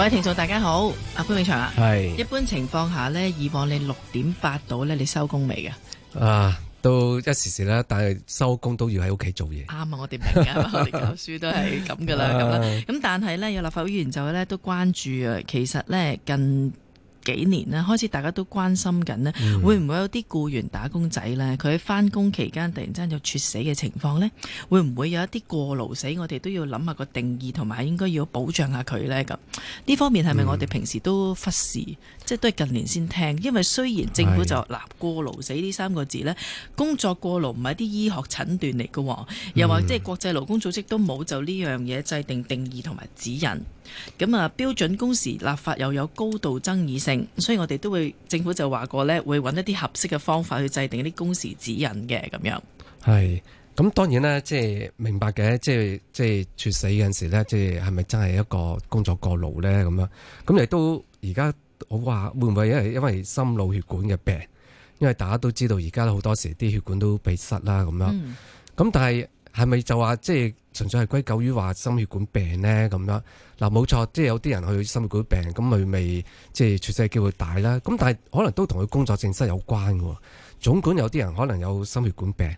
各位聽眾大家好，阿潘永祥啊，係是一般情況下咧，以往你六點八度咧，你收工未嘅？啊，都一時時啦，但係收工都要喺屋企做嘢。啱啊，我哋平日我哋教書都係咁噶啦，咁啦，啊，咁但係咧，有立法會議員就咧都關注啊，其實咧近幾年咧，開始大家都關心緊咧，會唔會有啲僱員打工仔咧，佢喺翻工期間突然之間有猝死嘅情況咧？會唔會有一啲過勞死？我哋都要諗下個定義，同埋應該要保障下佢呢。咁呢方面係咪我哋平時都忽視？嗯、即係都係近年先聽，因為雖然政府就立過勞死呢三個字咧，的工作過勞唔係啲醫學診斷嚟嘅，嗯、又話即係國際勞工組織都冇就呢樣嘢制定定義同埋指引。咁啊，標準工時立法又有高度爭議性。所以我哋都會，政府就話過呢會揾一啲合適嘅方法去制定一啲工時指引嘅，咁樣。係，咁當然啦，即係明白嘅，即係即係猝死嗰陣時咧，即係係咪真係一個工作過勞呢？咁樣，咁亦都而家我話會唔會因為因為心腦血管嘅病？因為大家都知道而家好多時啲血管都被塞啦，咁、嗯、樣。咁但係。係咪就話即係純粹係歸咎於話心血管病咧咁樣嗱？冇錯，即係有啲人去心血管病，咁佢未即係猝死機會大啦。咁但係可能都同佢工作性質有關嘅。總管有啲人可能有心血管病，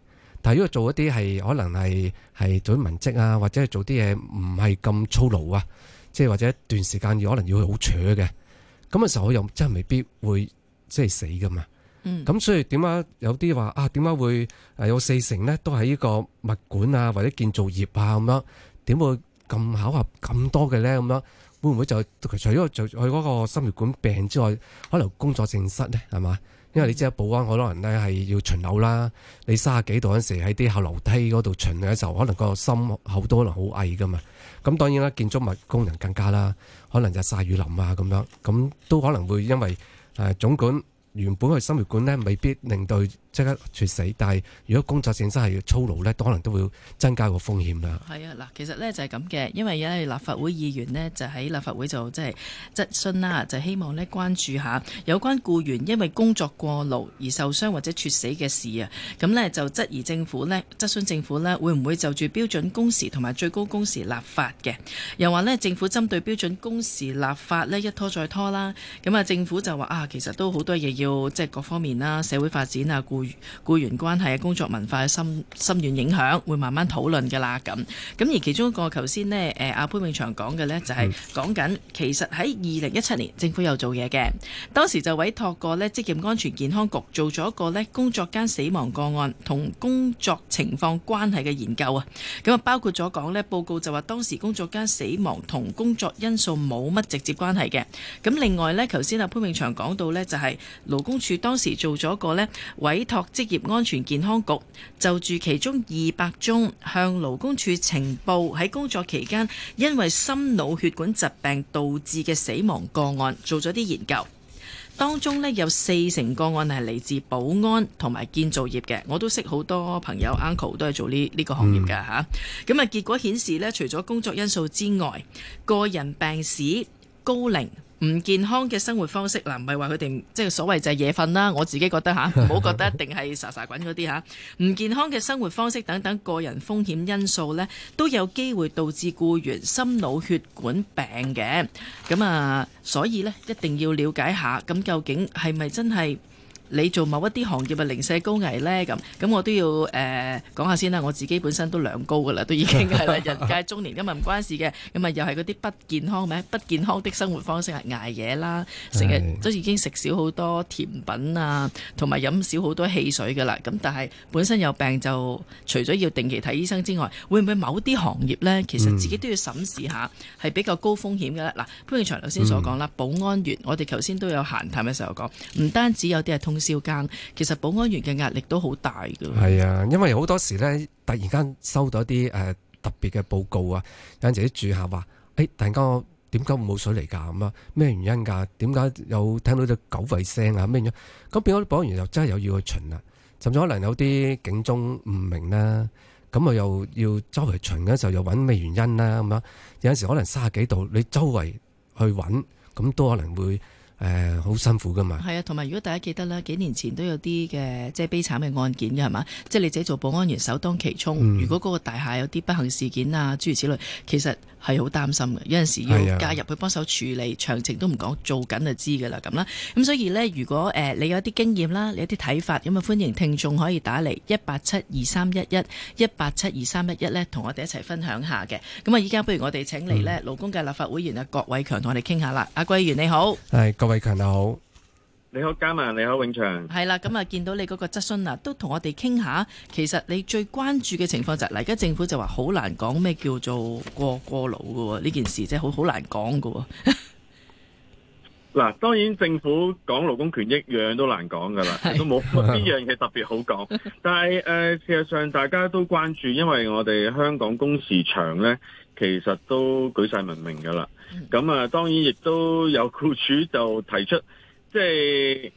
但係如果做一啲係可能係係做文職啊，或者做啲嘢唔係咁操勞啊，即係或者一段時間可能要去好坐嘅，咁嘅時候又真係未必會即係死噶嘛。咁、嗯、所以點解有啲話啊？點解會有四成呢？都喺呢個物管啊或者建造業啊咁樣，點會咁巧合咁多嘅咧？咁樣會唔會就除咗佢嗰個心血管病之外，可能工作症失呢？係嘛？因為你知啊，保安好多人呢係要巡樓啦，你卅幾度嗰陣時喺啲後樓梯嗰度巡嘅時候，可能個心口都可能好翳噶嘛。咁當然啦，建築物工人更加啦，可能日曬雨淋啊咁樣，咁都可能會因為誒總管。原本嘅心血管咧，未必令到即刻猝死，但係如果工作性質係要操勞咧，可能都會增加個風險啦。係啊，嗱，其實咧就係咁嘅，因為有啲立法會議員咧就喺立法會就即係質詢啦，就希望咧關注下有關僱員因為工作過勞而受傷或者猝死嘅事啊。咁咧就質疑政府咧質詢政府咧會唔會就住標準工時同埋最高工時立法嘅，又話咧政府針對標準工時立法咧一拖再拖啦。咁啊，政府就話啊，其實都好多嘢要即係各方面啦，社會發展啊，僱僱員關係啊、工作文化嘅深深遠影響，會慢慢討論嘅啦。咁咁而其中一個，頭先呢，誒阿潘永祥講嘅呢，就係講緊，其實喺二零一七年政府有做嘢嘅，當時就委託過呢職業安全健康局做咗一個呢工作間死亡個案同工作情況關係嘅研究啊。咁啊包括咗講呢報告就話當時工作間死亡同工作因素冇乜直接關係嘅。咁另外呢，頭先阿潘永祥講到呢，就係、是、勞工處當時做咗一個呢委。託職業安全健康局就住其中二百宗向勞工處呈報喺工作期間因為心腦血管疾病導致嘅死亡個案做咗啲研究，當中呢有四成個案係嚟自保安同埋建造業嘅，我都識好多朋友、嗯、uncle 都係做呢呢、這個行業嘅吓，咁啊結果顯示呢除咗工作因素之外，個人病史、高齡。唔健康嘅生活方式嗱，唔係話佢哋即係所謂就係夜瞓啦。我自己覺得吓，唔好覺得一定係沙沙滾嗰啲吓。 唔健康嘅生活方式等等個人風險因素呢，都有機會導致僱員心腦血管病嘅。咁啊，所以呢，一定要了解下，咁究竟係咪真係？你做某一啲行業啊，零舍高危呢，咁，咁我都要誒講下先啦。我自己本身都兩高噶啦，都已經係啦，人屆中年，咁啊唔關事嘅，咁啊又係嗰啲不健康咩？不健康的生活方式係捱夜啦，成日都已經食少好多甜品啊，同埋飲少好多汽水噶啦。咁但係本身有病就，除咗要定期睇醫生之外，會唔會某啲行業呢？其實自己都要審視下，係、嗯、比較高風險嘅咧？嗱，潘永祥頭先所講啦，嗯、保安員，我哋頭先都有閒談嘅時候講，唔單止有啲係通。其實保安員嘅壓力都好大噶。係啊，因為好多時咧，突然間收到一啲誒特別嘅報告啊，有陣時啲住客話，誒、欸，突然間點解冇水嚟噶？咁啊，咩原因噶？點解又聽到隻狗吠聲啊？咩樣？咁變咗啲保安員又真係又要去巡啊，甚至可能有啲警鐘唔明啦，咁啊又要周圍巡嗰陣時又搵咩原因啦？咁樣有陣時可能三十幾度，你周圍去搵，咁都可能會。誒好、呃、辛苦噶嘛，係啊，同埋如果大家記得啦，幾年前都有啲嘅即係悲慘嘅案件嘅係嘛，即係你自己做保安員首當其衝。嗯、如果嗰個大廈有啲不幸事件啊，諸如此類，其實係好擔心嘅。有陣時要介入去幫手處理，啊、詳情都唔講，做緊就知㗎啦咁啦。咁所以呢，如果、呃、你有啲經驗啦，你有啲睇法，咁啊歡迎聽眾可以打嚟一八七二三一一一八七二三一一呢，同我哋一齊分享下嘅。咁啊，依家不如我哋請嚟呢勞工界立法會議員啊郭偉強同我哋傾下啦。嗯、阿桂員你好，偉強你好，你好嘉文，你好永祥，係啦，咁啊見到你嗰個質詢啊，都同我哋傾下，其實你最關注嘅情況就係、是，而家政府就話好難講咩叫做過過勞噶，呢件事即係好好難講噶。 嗱，當然政府講勞工權益樣樣都難講噶啦，是都冇呢樣嘢特別好講。 但係誒、呃，事實上大家都關注，因為我哋香港工時長咧，其實都舉世聞名噶啦。咁啊，當然亦都有僱主就提出，即係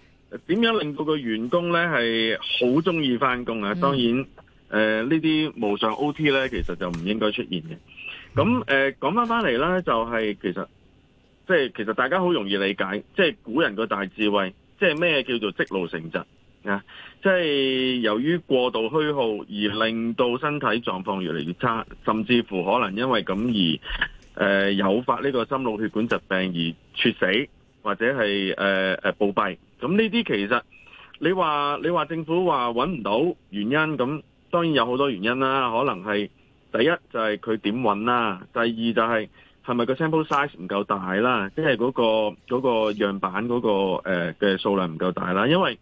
點樣令到個員工咧係好中意翻工啊？嗯、當然誒，呢、呃、啲無償 OT 咧，其實就唔應該出現嘅。咁誒，講翻翻嚟咧，就係、是、其實。即係其實大家好容易理解，即係古人個大智慧，即係咩叫做積路成疾啊！即係由於過度虛耗而令到身體狀況越嚟越差，甚至乎可能因為咁而誒誘發呢個心腦血管疾病而猝死，或者係誒誒暴斃。咁呢啲其實你話你話政府話揾唔到原因，咁當然有好多原因啦。可能係第一就係佢點揾啦，第二就係。係咪個 sample size 唔夠大啦？即係嗰個嗰個樣板嗰個嘅、呃、數量唔夠大啦？因為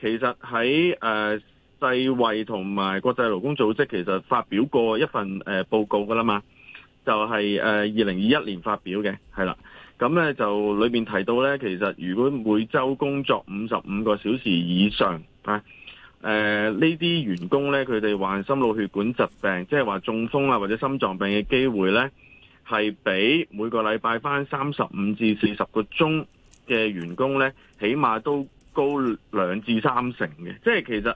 其實喺誒、呃、世衛同埋國際勞工組織其實發表過一份誒、呃、報告㗎啦嘛，就係誒二零二一年發表嘅係啦。咁咧就裏面提到咧，其實如果每週工作五十五個小時以上啊，呃、呢啲員工咧，佢哋患心腦血管疾病，即係話中風啊或者心臟病嘅機會咧，係比每個禮拜返三十五至四十個鐘嘅員工呢，起碼都高兩至三成嘅，即係其實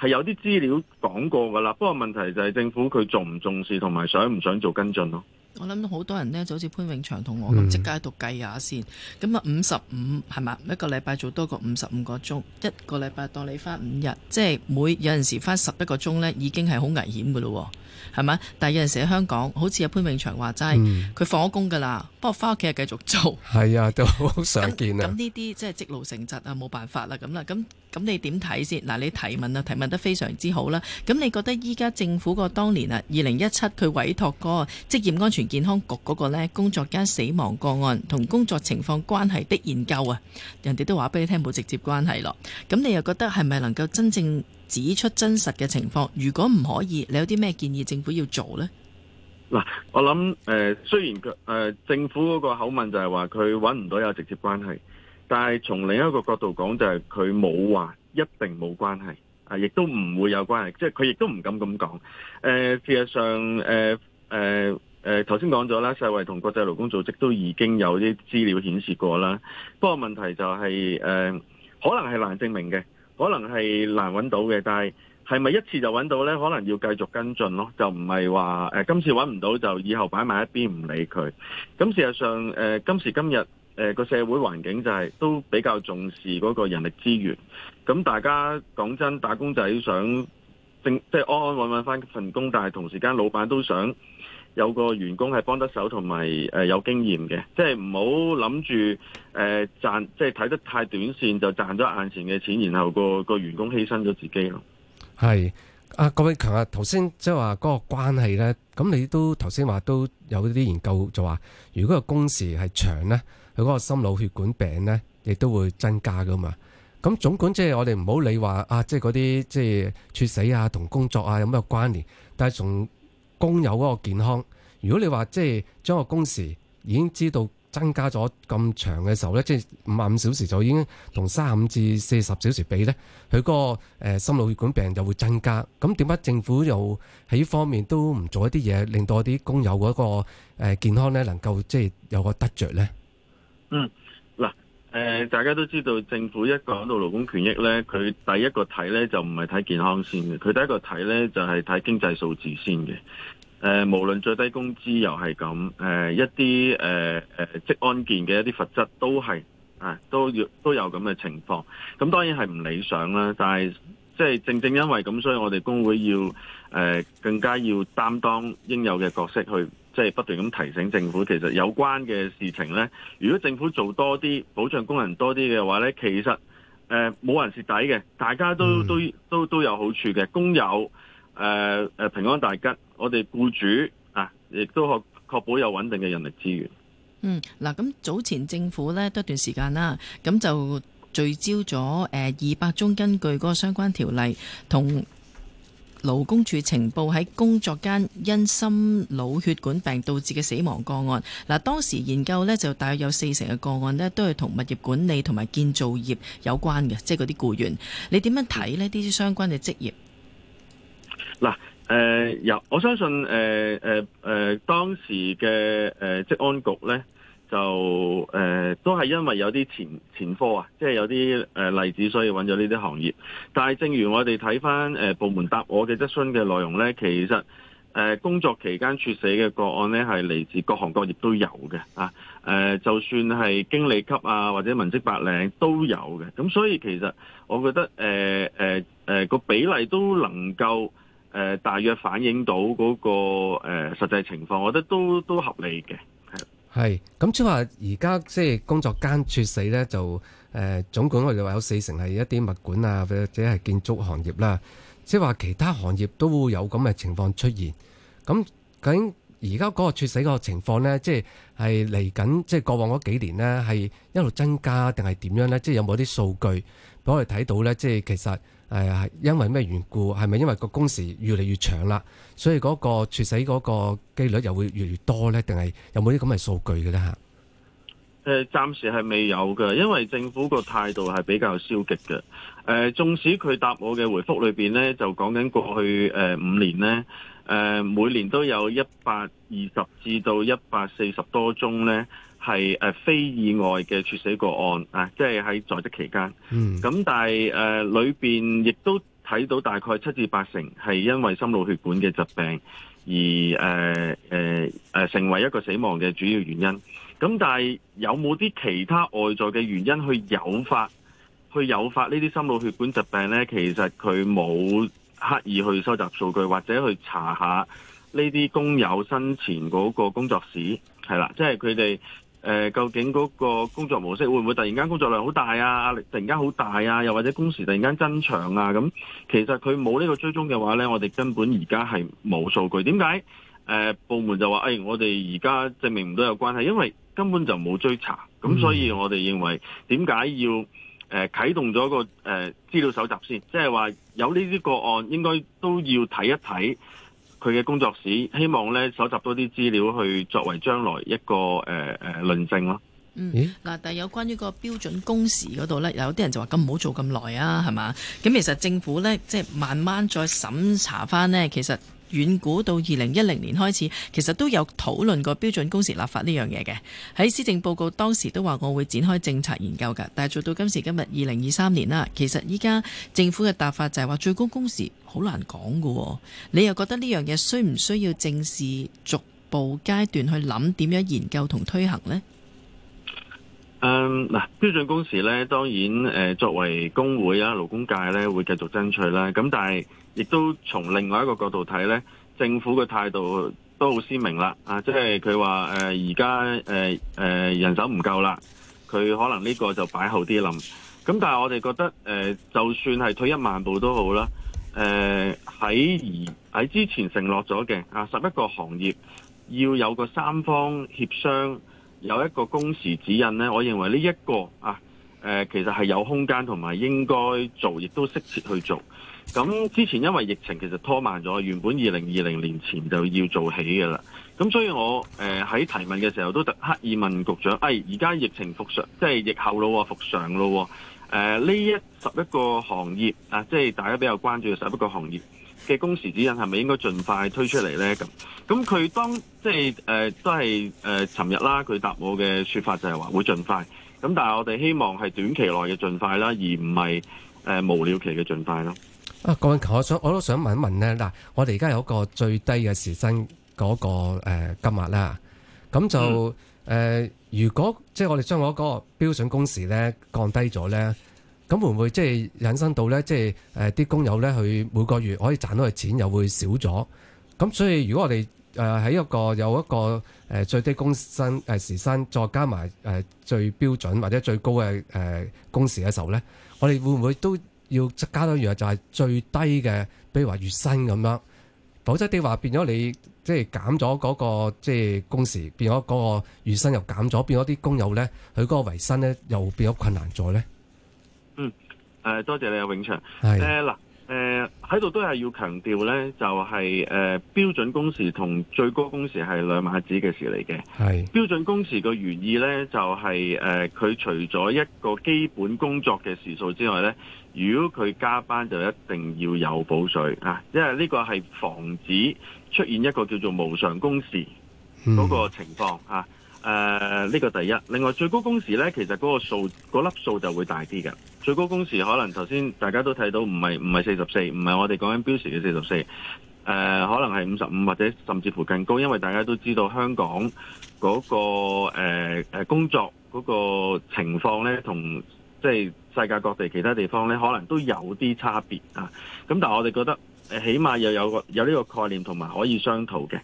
係有啲資料講過㗎喇。不過問題就係政府佢重唔重視同埋想唔想做跟進囉。我諗到好多人呢，就好似潘永祥同我咁，嗯，即刻喺度計下先。咁啊，五十五係嘛？一個禮拜做多過五十五個鐘，一個禮拜當你翻五日，即係每有陣時翻十一個鐘呢，已經係好危險嘅咯，係咪？但有陣時喺香港，好似阿潘永祥話齋，佢，嗯，放咗工㗎啦，不過翻屋企又繼續做。係啊，都好常見啊。咁呢啲即係積勞成疾啊，冇辦法啦，咁啦，咁咁你點睇先？嗱，你提問啊，提問得非常之好啦。咁你覺得依家政府個當年啊，二零一七佢委託個職業安全。全健康局嗰個咧，工作間死亡個案同工作情況關係的研究啊，人哋都話俾你聽冇直接關係咯。咁你又覺得係咪能夠真正指出真實嘅情況？如果唔可以，你有啲咩建議政府要做咧？嗱，我諗誒，雖然佢誒政府嗰個口吻就係話佢搵唔到有直接關係，但係從另一個角度講就係佢冇話一定冇關係啊，亦都唔會有關係，即係佢亦都唔敢咁講。誒，事實上，誒誒。誒頭先講咗啦，世衛同國際勞工組織都已經有啲資料顯示過啦。不過問題就係、是、誒、呃，可能係難證明嘅，可能係難揾到嘅。但係係咪一次就揾到呢？可能要繼續跟進咯，就唔係話誒今次揾唔到就以後擺埋一邊唔理佢。咁事實上誒、呃、今時今日誒個、呃、社會環境就係、是、都比較重視嗰個人力資源。咁大家講真，打工仔想正即係、就是、安安穩穩翻份工，但係同時間老闆都想。有個員工係幫得手同埋誒有經驗嘅，即係唔好諗住誒賺，即係睇得太短線就賺咗眼前嘅錢，然後個個員工犧牲咗自己咯。係啊，郭偉強啊，頭先即係話嗰個關係咧，咁你都頭先話都有啲研究就話，如果個工時係長咧，佢嗰個心腦血管病咧亦都會增加㗎嘛。咁總管即係我哋唔好理話啊，即係嗰啲即係猝死啊同工作啊有咩關聯，但係從工友嗰個健康，如果你話即係將個工時已經知道增加咗咁長嘅時候呢，即係五十五小時就已經同三十五至四十小時比呢，佢嗰個誒心腦血管病就會增加。咁點解政府又喺呢方面都唔做一啲嘢，令到啲工友嗰個誒健康呢能夠即係有個得着呢？嗯。誒、呃，大家都知道政府一講到勞工權益呢，佢第一個睇呢就唔係睇健康先嘅，佢第一個睇呢就係、是、睇經濟數字先嘅。誒、呃，無論最低工資又係咁，誒、呃、一啲誒誒職安健嘅一啲罰則都係啊，都要都有咁嘅情況。咁當然係唔理想啦，但係即係正正因為咁，所以我哋工會要誒、呃、更加要擔當應有嘅角色去。即係不斷咁提醒政府，其實有關嘅事情呢，如果政府做多啲保障工人多啲嘅話呢，其實誒冇、呃、人蝕底嘅，大家都都都都有好處嘅，工友誒誒平安大吉，我哋僱主啊，亦都可確保有穩定嘅人力資源。嗯，嗱，咁早前政府呢多一段時間啦，咁就聚焦咗誒二百宗根據嗰個相關條例同。勞工處情報喺工作間因心腦血管病導致嘅死亡個案，嗱當時研究呢，就大約有四成嘅個案呢，都係同物業管理同埋建造業有關嘅，即係嗰啲雇員，你點樣睇呢？呢啲相關嘅職業，嗱，誒，有我相信，誒、呃，誒、呃，誒、呃，當時嘅誒職安局呢。就誒、呃、都係因為有啲前前科啊，即、就、係、是、有啲、呃、例子，所以揾咗呢啲行業。但係，正如我哋睇翻誒部門答我嘅質詢嘅內容呢，其實誒、呃、工作期間猝死嘅個案呢，係嚟自各行各業都有嘅啊。誒，就算係經理級啊，或者文職白領都有嘅。咁所以其實我覺得誒誒誒個比例都能夠誒、呃、大約反映到嗰、那個誒、呃、實際情況，我覺得都都合理嘅。係，咁即係話而家即係工作間猝死咧，就誒，總管我哋話有四成係一啲物管啊，或者係建築行業啦，即係話其他行業都會有咁嘅情況出現。咁究竟而家嗰個猝死個情況咧，即係係嚟緊，即係過往嗰幾年咧係一路增加定係點樣咧？即係有冇啲數據俾我哋睇到咧？即係其實。係啊，因為咩緣故？係咪因為個工時越嚟越長啦，所以嗰個猝死嗰個機率又會越嚟越多呢？定係有冇啲咁嘅數據嘅咧？嚇誒、呃，暫時係未有嘅，因為政府個態度係比較消極嘅。誒、呃，縱使佢答我嘅回覆裏邊呢，就講緊過去誒、呃、五年呢，誒、呃、每年都有一百二十至到一百四十多宗呢。係非意外嘅猝死個案啊，即係喺在職期間。咁、嗯、但係誒、呃、裏邊亦都睇到大概七至八成係因為心腦血管嘅疾病而誒誒、呃呃、成為一個死亡嘅主要原因。咁但係有冇啲其他外在嘅原因去誘發？去誘發呢啲心腦血管疾病呢，其實佢冇刻意去收集數據或者去查一下呢啲工友生前嗰個工作史係啦，即係佢哋。誒，究竟嗰個工作模式會唔會突然間工作量好大啊，突然間好大啊，又或者工時突然間增長啊？咁其實，佢冇呢個追蹤嘅話咧，我哋根本而家係冇數據，點解誒部門就話誒、哎，我哋而家證明唔到有關係，因為根本就冇追查，咁所以我哋認為點解要誒啟動咗個誒資料搜集先，即係話有呢啲個案應該都要睇一睇。佢嘅工作室，希望咧搜集多啲資料去作為將來一個誒誒、呃呃、論證咯。嗯，嗱，但係有關於個標準工時嗰度咧，有啲人就話咁唔好做咁耐啊，係嘛？咁其實政府咧即係慢慢再審查翻呢，其實。遠古到二零一零年開始，其實都有討論過標準工時立法呢樣嘢嘅。喺施政報告當時都話我會展開政策研究㗎，但係做到今時今日二零二三年啦，其實依家政府嘅答法就係話最高工時好難講㗎。你又覺得呢樣嘢需唔需要正視逐步階段去諗點樣研究同推行呢？嗯，嗱，標準工時咧，當然、呃、作為工會啊、勞工界咧，會繼續爭取啦。咁但係，亦都從另外一個角度睇咧，政府嘅態度都好鮮明啦。啊，即係佢話而家人手唔夠啦，佢可能呢個就擺後啲諗。咁但係我哋覺得、呃、就算係退一萬步都好啦。誒喺而喺之前承諾咗嘅啊，十一個行業要有個三方協商。有一個工時指引呢，我認為呢、這、一個啊、呃，其實係有空間同埋應該做，亦都適切去做。咁之前因為疫情其實拖慢咗，原本二零二零年前就要做起嘅啦。咁所以我誒喺、呃、提問嘅時候都特刻意問局長，哎而家疫情復常，即、就、係、是、疫後咯喎，復常咯喎。誒呢、呃、一十一個行業啊，即係大家比較關注嘅十一個行業嘅工時指引係咪應該盡快推出嚟呢？咁咁佢當即係誒、呃、都係誒尋日啦，佢答我嘅說法就係話會盡快。咁但係我哋希望係短期內嘅盡快啦，而唔係誒無了期嘅盡快咯。啊，郭偉強我想我都想問一問呢，嗱，我哋而家有一個最低嘅時薪嗰、那個誒金額啦，咁就。嗯。呃，如果即係我哋將我嗰個標準工時咧降低咗咧，咁會唔會即係引申到咧，即係誒啲工友咧，佢每個月可以賺到嘅錢又會少咗？咁所以如果我哋誒喺一個有一個誒最低工薪誒時薪，再加埋誒最標準或者最高嘅誒工時嘅時候咧，我哋會唔會都要加多樣？就係最低嘅，比如話月薪咁樣，否則啲話變咗你。即係減咗嗰個即係工時，變咗嗰個月薪又減咗，變咗啲工友咧，佢嗰個維生咧又變咗困難咗咧。嗯，誒多謝你啊，永祥。係誒嗱。誒喺度都係要強調呢就係、是、誒、呃、標準工時同最高工時係兩碼子嘅事嚟嘅。係是標準工時嘅原意呢，就係誒佢除咗一個基本工作嘅時數之外呢如果佢加班就一定要有補稅啊，因為呢個係防止出現一個叫做無償工時嗰個情況、嗯誒呢、uh, 個第一，另外最高工時呢，其實嗰個數嗰粒、那個、數就會大啲嘅。最高工時可能頭先大家都睇到，唔係唔係四十四，唔係我哋講緊標時嘅四十四。誒，可能係五十五或者甚至乎更高，因為大家都知道香港嗰、那個誒、uh, 工作嗰個情況呢，同即係世界各地其他地方呢，可能都有啲差別啊。咁但我哋覺得起碼又有個有呢個概念，同埋可以商討嘅。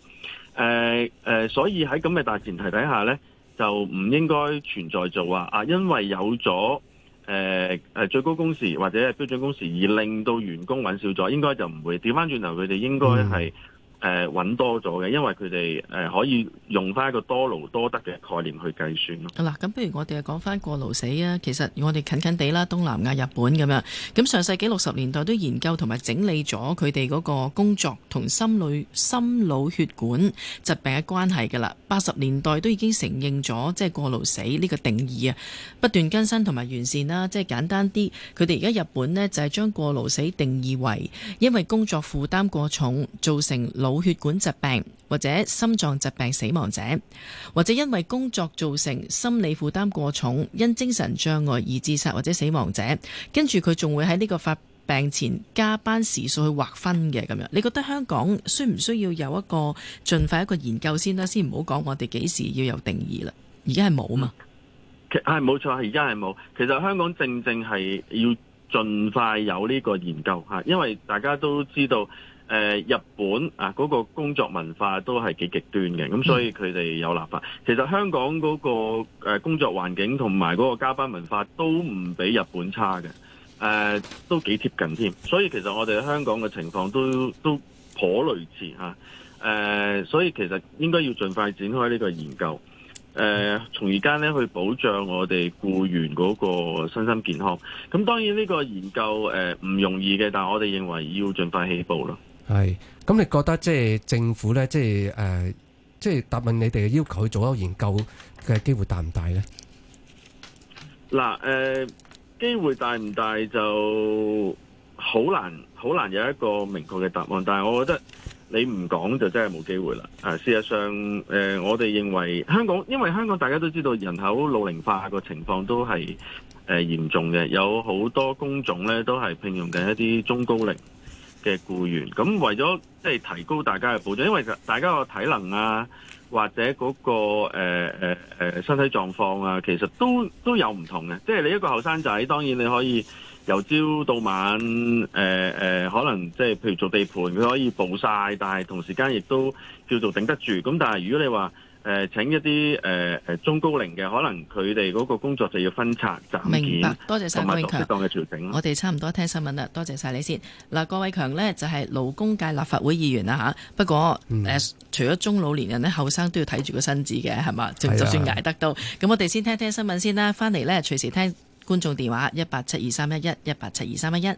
誒誒、呃呃，所以喺咁嘅大前提底下呢，就唔應該存在做話啊、啊，因為有咗誒、呃、最高工時或者係標準工時而令到員工揾少咗，應該就唔會。掉返轉頭，佢哋應該係、嗯。誒揾多咗嘅，因為佢哋誒可以用翻一個多勞多得嘅概念去計算咯。好啦，咁不如我哋講翻過勞死啊。其實我哋近近地啦，東南亞、日本咁樣，咁上世紀六十年代都研究同埋整理咗佢哋嗰個工作同心理、心腦血管疾病嘅關係㗎啦。八十年代都已經承認咗即係過勞死呢個定義啊，不斷更新同埋完善啦。即係簡單啲，佢哋而家日本呢，就係將過勞死定義為因為工作負擔過重造成腦腦血管疾病或者心臟疾病死亡者，或者因為工作造成心理負擔過重，因精神障礙而自殺或者死亡者，跟住佢仲會喺呢個發病前加班時數去劃分嘅咁樣。你覺得香港需唔需要有一個盡快一個研究先啦？先唔好講我哋幾時要有定義啦。而家係冇嘛？係冇錯，而家係冇。其實香港正正係要盡快有呢個研究吓，因為大家都知道。誒日本啊，嗰個工作文化都係幾極端嘅，咁所以佢哋有立法。其實香港嗰個誒工作環境同埋嗰個加班文化都唔比日本差嘅，誒、啊、都幾貼近添。所以其實我哋香港嘅情況都都頗類似嚇、啊，所以其實應該要盡快展開呢個研究，誒、啊、從而家呢去保障我哋僱員嗰個身心健康。咁當然呢個研究誒啊、唔容易嘅，但我哋認為要盡快起步啦。係，咁你覺得即係政府呢，即係誒，即係答應你哋嘅要求，做一個研究嘅機會大唔大呢？嗱，誒，機會大唔大就好難，好難有一個明確嘅答案。但係我覺得你唔講就真係冇機會啦。誒，事實上，誒，我哋認為香港，因為香港大家都知道人口老齡化個情況都係誒嚴重嘅，有好多工種呢都係聘用緊一啲中高齡。嘅僱員，咁為咗即係提高大家嘅保障，因為其實大家個體能啊，或者嗰、那個誒誒、呃呃、身體狀況啊，其實都都有唔同嘅。即、就、係、是、你一個後生仔，當然你可以由朝到晚誒、呃呃、可能即係譬如做地盤，佢可以暴曬，但係同時間亦都叫做頂得住。咁但係如果你話，誒、呃，請一啲誒誒中高齡嘅，可能佢哋嗰個工作就要分拆，明白。多謝晒偉強，適當嘅調整。我哋差唔多聽新聞啦，多謝晒你先。嗱、呃，郭偉強呢，就係、是、勞工界立法會議員啦吓。不過誒、嗯呃，除咗中老年人呢，後生都要睇住個身子嘅，係嘛？就就算捱得到，咁、哎、呀我哋先聽聽新聞先啦。翻嚟呢，隨時聽觀眾電話一八七二三一一一八七二三一一。